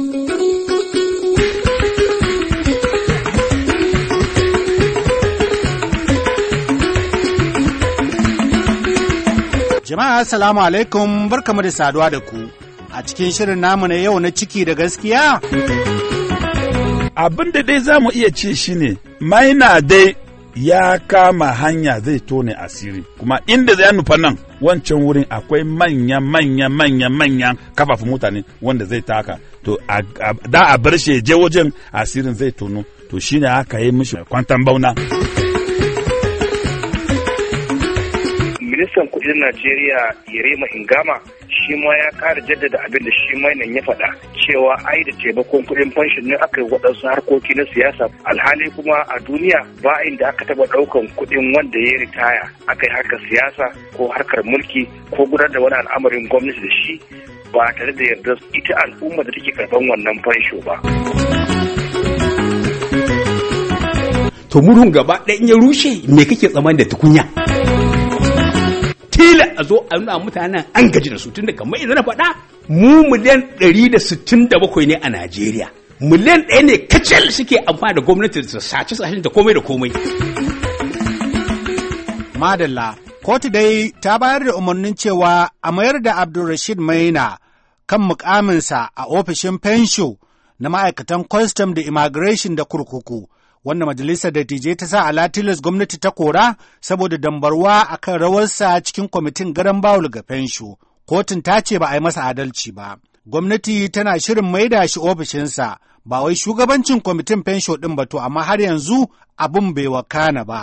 Jama'a Assalamu alaikum barkamu da saduwa da ku a cikin shirin namu na yau na ciki da gaskiya. Abin da dai za mu iya ce shi ne, maina dai ya kama hanya zai tone asiri, kuma inda zai nufa nan wancan wurin akwai manya manya manya manya kafafin mutane wanda zai taka to da a bar shi je wajen asirin zai tono to shi shine aka yi mishi kwantan bauna ministan kudin najeriya yarema ingama shi ma ya kara jaddada abin da shi mai nan ya faɗa cewa ai da taimakon kuɗin fanshin ne aka yi waɗansu harkoki na siyasa alhali kuma a duniya ba inda aka taɓa ɗaukan kuɗin wanda ya ritaya aka yi harkar siyasa ko harkar mulki ko gudanar da wani al'amarin gwamnati da shi ba tare da yarda ita al'umma da take karɓan wannan fansho ba. To murhun gaba ɗayan ya rushe me kake tsammani da tukunya? kila a zo a nuna mutanen an gaji da su da kamar idan na faɗa mu miliyan ɗari da da sittin bakwai ne a Najeriya miliyan ɗaya ne kacal suke amfani da gwamnati da sace sashen da komai da komai madalla kotu dai ta bayar da umarnin cewa a mayar da abdulrashid maina kan mukaminsa a ofishin fensho na ma'aikatan kwastam da immigration da kurkuku wanda majalisar dattijai ta sa ala tilas gwamnati ta kora saboda dambarwa a kan rawarsa cikin kwamitin garan bawul ga fensho kotun ta ce ba a yi masa adalci ba gwamnati tana shirin maida shi ofishinsa ba wai shugabancin kwamitin fensho ɗin ba to amma har yanzu abin bai wakana ba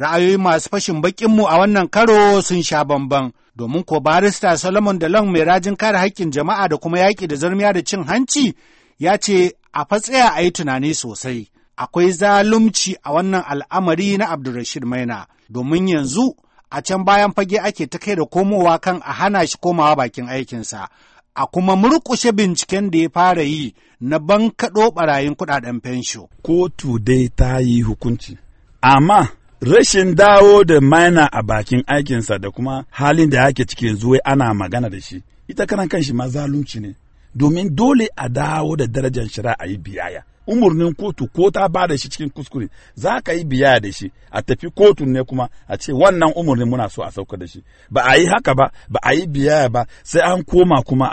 ra'ayoyi masu fashin bakin mu a wannan karo sun sha bamban domin ko barista solomon dalon mai rajin kare haƙƙin jama'a da kuma yaƙi da zarmiya da cin hanci ya ce a fatsaya a yi tunani sosai akwai zalunci a wannan al'amari na Abdulrashid Maina, domin yanzu a can bayan fage ake ta kai da komowa kan a hana shi komawa bakin aikinsa, a kuma murƙushe binciken da ya fara yi na bankaɗo ɓarayin kuɗaɗen fensho. Kotu dai ta yi hukunci, amma rashin dawo da maina a bakin aikinsa da kuma halin da yake cikin zuwa ana magana da shi, ita karan kan shi ma zalunci ne, domin dole a dawo da darajar shari'a a yi biyaya. umurnin kotu ko ta ba da shi cikin kuskure za ka yi biya da shi a tafi kotu ne kuma a ce wannan umurnin muna so a sauka da shi ba a yi haka ba ba a yi biya ba sai an koma kuma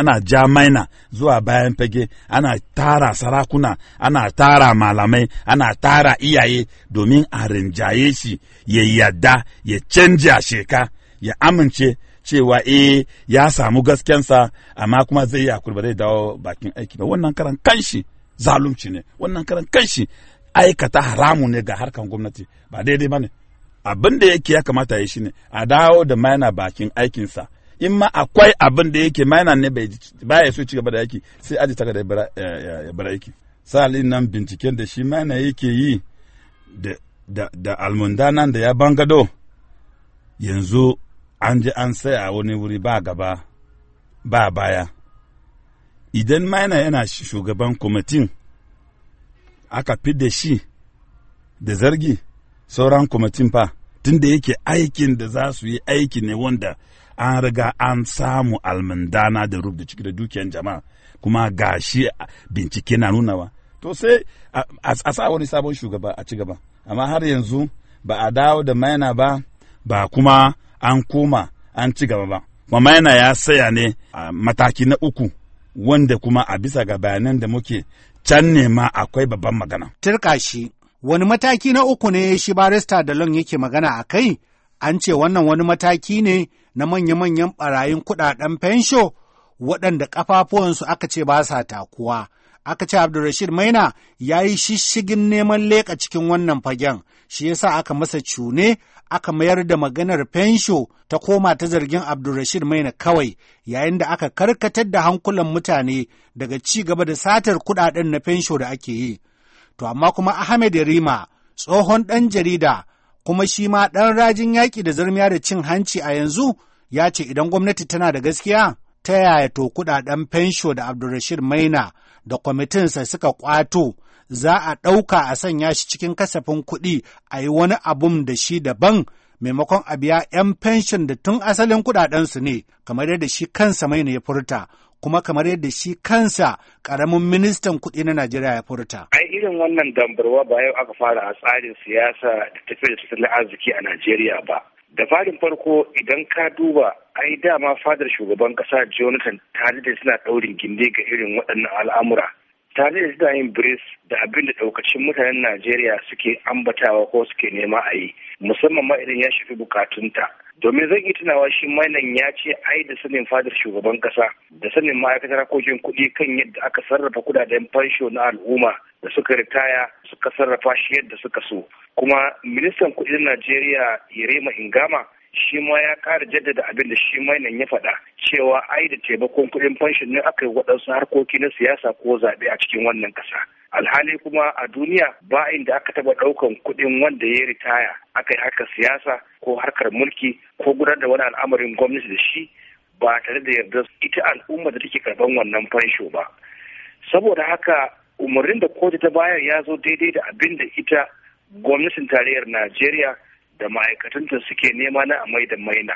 ana ja maina zuwa bayan fage ana tara sarakuna ana tara malamai ana tara iyaye domin a rinjaye shi ya yadda ya canja sheka ya amince cewa eh ya samu gaskensa amma kuma zai yi hakuri ba zai dawo bakin aiki ba wannan karan kanshi zalunci ne wannan karan kanshi aikata haramu ne ga harkan gwamnati ba daidai ba ne abin da yake ya kamata ya shi ne a dawo da maina bakin aikinsa in ma akwai abin da yake maina ne ba ya so ci gaba da yaki sai aji ta da eh, ya bar aiki sa'alin nan binciken da shi maina yake yi da almundanan da ya bangado yanzu an ji an saya a wani wuri ba gaba ba baya idan maina yana shugaban kwamitin aka da shi da zargi sauran kwamitin fa tun tunda yake aikin da za su yi aiki ne wanda an riga an samu almandana da rubuta ciki da dukiyar jama'a kuma gashi bincike na nunawa to sai a sa wani sabon shugaba a ci gaba amma har yanzu ba a dawo da maina ba ba kuma an koma an ci gaba ba kuma maina ya saya ne a mataki na uku wanda kuma a bisa ga bayanan da muke can ne ma akwai babban magana. Turka shi, wani mataki na uku ne shi barista da lon yake magana a kai, an ce wannan wani mataki ne na manya-manyan barayin kudaden fensho waɗanda ƙafafuwansu aka ce ba sa takuwa. Aka ce Abdulrashid Maina ya yi shishigin neman leƙa cikin wannan fagen, shi yasa aka masa cune aka mayar da maganar fensho ta koma ta zargin Abdulrashid Maina kawai yayin da aka karkatar da hankulan mutane daga ci gaba da satar kuɗaɗen na fensho da ake yi. To amma kuma Ahmed Rima tsohon ɗan jarida kuma shi ma ɗan rajin yaƙi da zarmiya da cin hanci a yanzu ya ce idan gwamnati tana da gaskiya ta yaya to kudaden fensho da Abdulrashid Maina da kwamitinsa suka kwato za a ɗauka a sanya shi cikin kasafin kuɗi a yi wani abun da shi daban maimakon a biya 'yan fenshin da tun asalin kuɗaɗensu ne kamar yadda shi kansa mai ya furta kuma kamar yadda shi kansa ƙaramin ministan kuɗi na Najeriya ya furta. Ai irin wannan dambarwa ba yau aka fara a tsarin siyasa da tafiya da tattalin arziki a Najeriya ba. da farin farko idan ka duba ai dama fadar shugaban kasa jonathan tare da suna ɗaurin gindi ga irin waɗannan al'amura tare da suna yin bris da abin da ɗaukacin mutanen najeriya suke ambatawa ko suke nema a yi musamman ma idan ya shafi bukatunta domin zan yi tunawa shi mainan ya ce ai da sanin fadar shugaban kasa da sanin ma'aikatar harkokin kuɗi kan yadda aka sarrafa kudaden fansho na al'umma da suka ritaya suka sarrafa shi yadda suka so kuma ministan kuɗin najeriya ma ingama shi ma ya kara jaddada abin da shi nan ya faɗa cewa ai da taimakon kuɗin fanshin ne aka yi waɗansu harkoki na siyasa ko zaɓe a cikin wannan ƙasa. alhali kuma a duniya ba da aka taɓa ɗaukan kuɗin wanda ya ritaya aka yi harkar siyasa ko harkar mulki ko gudanar da wani al'amarin gwamnati da shi ba tare da yarda ita al'umma da take karɓan wannan fansho ba saboda haka umarnin da kotu ta bayar ya zo daidai da abin da ita gwamnatin tarayyar najeriya da ma'aikatanta suke nema na amai da maina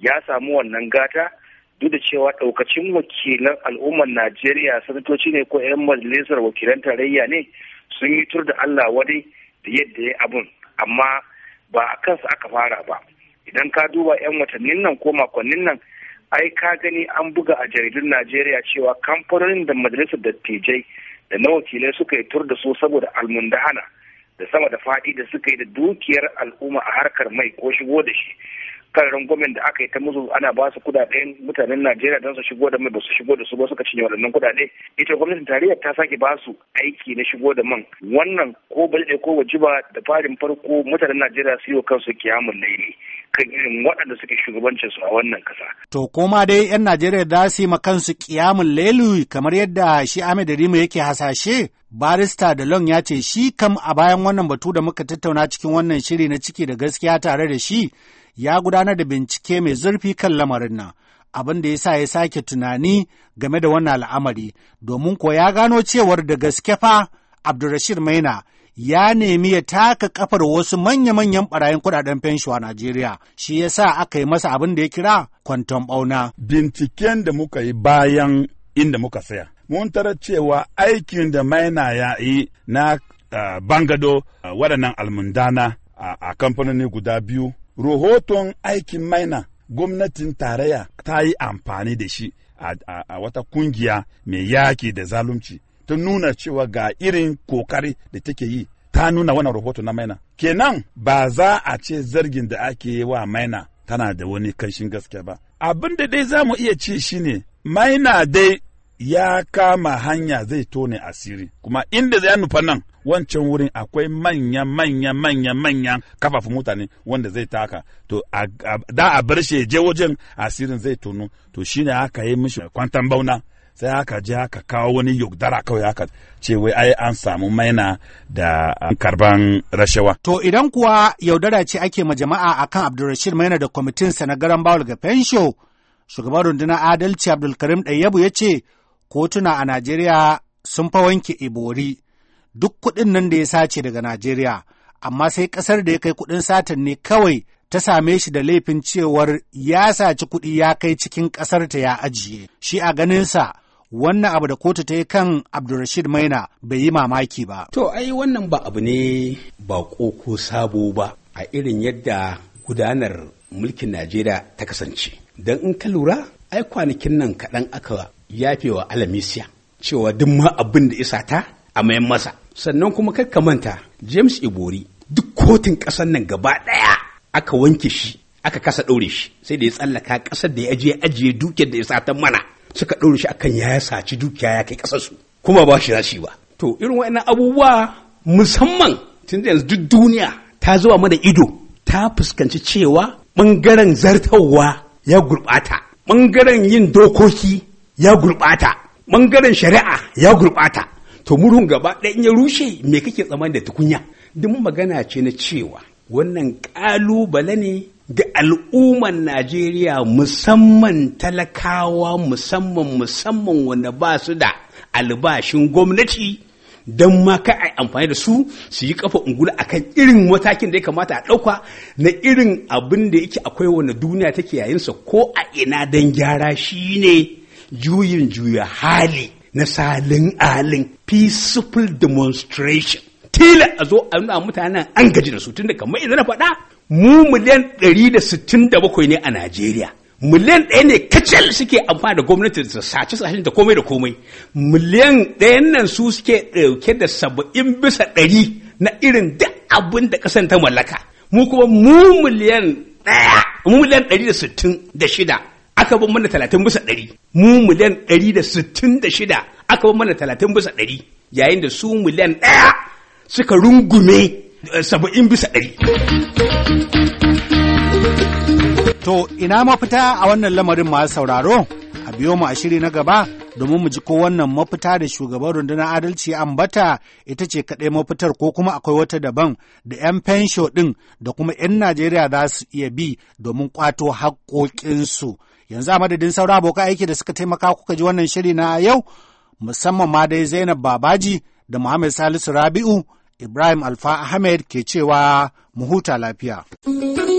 ya samu wannan gata duk da cewa ɗaukacin wakilan al'ummar najeriya sanatoci ne ko 'yan majalisar wakilan tarayya ne sun yi tur da allah wani da yadda ya abun amma ba a kansa aka fara ba idan ka duba 'yan watannin nan ko makonnin nan ai ka gani an buga a jaridun najeriya cewa kamfanonin da majalisar dattijai da na wakilai suka yi tur da su saboda almundahana da sama da faɗi da suka yi da dukiyar al'umma a harkar mai ko shigo da shi kan rangwamen da aka yi ta musu ana ba su kudaden mutanen Najeriya don su shigo da mai ba su shigo da su ba suka cinye waɗannan kudade ita gwamnatin tarayya ta sake ba su aiki na shigo da man wannan ko balde ko wajiba da farin farko mutanen Najeriya su yi kansu kiyamun laili kan irin waɗanda suke shugabancin su a wannan kasa. To koma dai 'yan Najeriya da su yi kansu kiyamun laili kamar yadda shi Ahmed Rima yake hasashe barista da long ya ce shi kam a bayan wannan batu da muka tattauna cikin wannan shiri na ciki da gaskiya tare da shi ya gudanar da bincike mai zurfi kan lamarin nan, abin da ya sa ya sake tunani game da wannan al'amari, domin ko ya gano cewar da gaske fa Abdulrashid Maina ya nemi ya taka kafar wasu manya-manyan barayin kudaden fensho a Najeriya, shi ya sa aka yi masa abin da ya kira kwanton bauna. Binciken da muka yi bayan inda muka saya, mun tara cewa aikin da maina ya yi na eh, bangado eh, waɗannan almundana a kamfanoni guda biyu rahoton aikin maina gwamnatin tarayya ta yi amfani da shi a wata kungiya mai yaki da zalunci ta nuna cewa ga irin kokari da take yi ta nuna wannan rahoto na maina kenan ba za a ce zargin da ake yi wa maina tana da wani kanshin gaske ba abin da dai za mu iya ce shi ne. maina dai ya kama hanya zai tone asiri kuma inda zai nufa nan wancan wurin akwai manya manya manya manya kafafu mutane wanda zai taka to da a bar shi je wajen asirin zai tunu to shine aka yi mishi kwantan bauna sai aka je aka kawo wani yaudara kawai aka ce wai ai an samu maina da um, karban rashawa. To idan kuwa yaudara ce ake ma jama'a akan Abdulrashid Maina da kwamitinsa na garan bawul ga fensho, shugaban rundunar adalci Abdulkarim Ɗayyabu ya ce kotuna a Najeriya sun fa wanke ibori duk kuɗin nan da ya sace daga Najeriya, amma sai ƙasar da ya kai kuɗin satan ne kawai ta same shi da laifin cewar ya saci kuɗi ya kai cikin ƙasar ta ya ajiye. Shi a ganinsa wannan abu da kotu ta yi kan Abdulrashid Maina bai yi mamaki ba. To ai wannan ba abu ne ba ko sabo ba a irin yadda gudanar mulkin Najeriya ta kasance. Don in ka lura ai kwanakin nan kaɗan aka yafewa Alamisiya cewa duk ma abin da isa ta a mayan masa. sannan kuma ka manta James Ibori duk kotun ƙasar nan gaba ɗaya aka wanke shi aka kasa ɗaure shi sai da ya tsallaka ƙasar da ya ajiye ajiye dukiyar da ya ta mana suka ɗaure shi akan ya saci dukiya ya kai ƙasarsu su kuma ba shi rashi ba to irin wa'annan abubuwa musamman tun da yanzu duk duniya ta zuwa mana ido ta fuskanci cewa ɓangaren zartarwa ya gurɓata ɓangaren yin dokoki ya gurɓata ɓangaren shari'a ya gurɓata to murhun gaba ɗaya in ya rushe me kake tsammani da tukunya duk magana ce na cewa wannan ƙalubale ne ga al'umman Najeriya musamman talakawa musamman musamman wanda ba su da albashin gwamnati don ma ka a amfani da su su yi kafa ungula a kan irin matakin da ya kamata a ɗauka na irin abin da yake akwai wani duniya take yayinsa ko a ina don gyara shi ne juyin juya hali na salin alin peaceful demonstration tila a zo a nuna mutanen an gaji da su tun da kamar idan na faɗa mu miliyan 167 ne a Najeriya miliyan ɗaya ne kacal suke amfani da gwamnati da sace sashen da komai da komai miliyan ɗayan nan su suke ɗauke da saba'in bisa ɗari na irin duk abin da ƙasar ta mallaka mu kuma mu miliyan ɗaya mu miliyan ɗari da sittin da shida aka bin mana talatin bisa ɗari mu miliyan ɗari da sittin da shida aka bin mana talatin bisa ɗari yayin da su miliyan ɗaya suka rungume eh, saba'in bisa ɗari. To ina mafita a wannan lamarin masu sauraro? A biyo mu a shiri na gaba domin mu ji ko wannan mafita da shugaban rundunar adalci ambata ita ce kaɗai mafitar ko kuma akwai wata daban da 'yan fensho ɗin da kuma 'yan Najeriya za su iya bi domin ƙwato haƙoƙinsu. yanzu a madadin saura abokan aiki da suka taimaka kuka ji wannan shiri na yau musamman ma dai zainab babaji da muhammad salisu rabi'u ibrahim alfa ahmed ke cewa mu huta lafiya.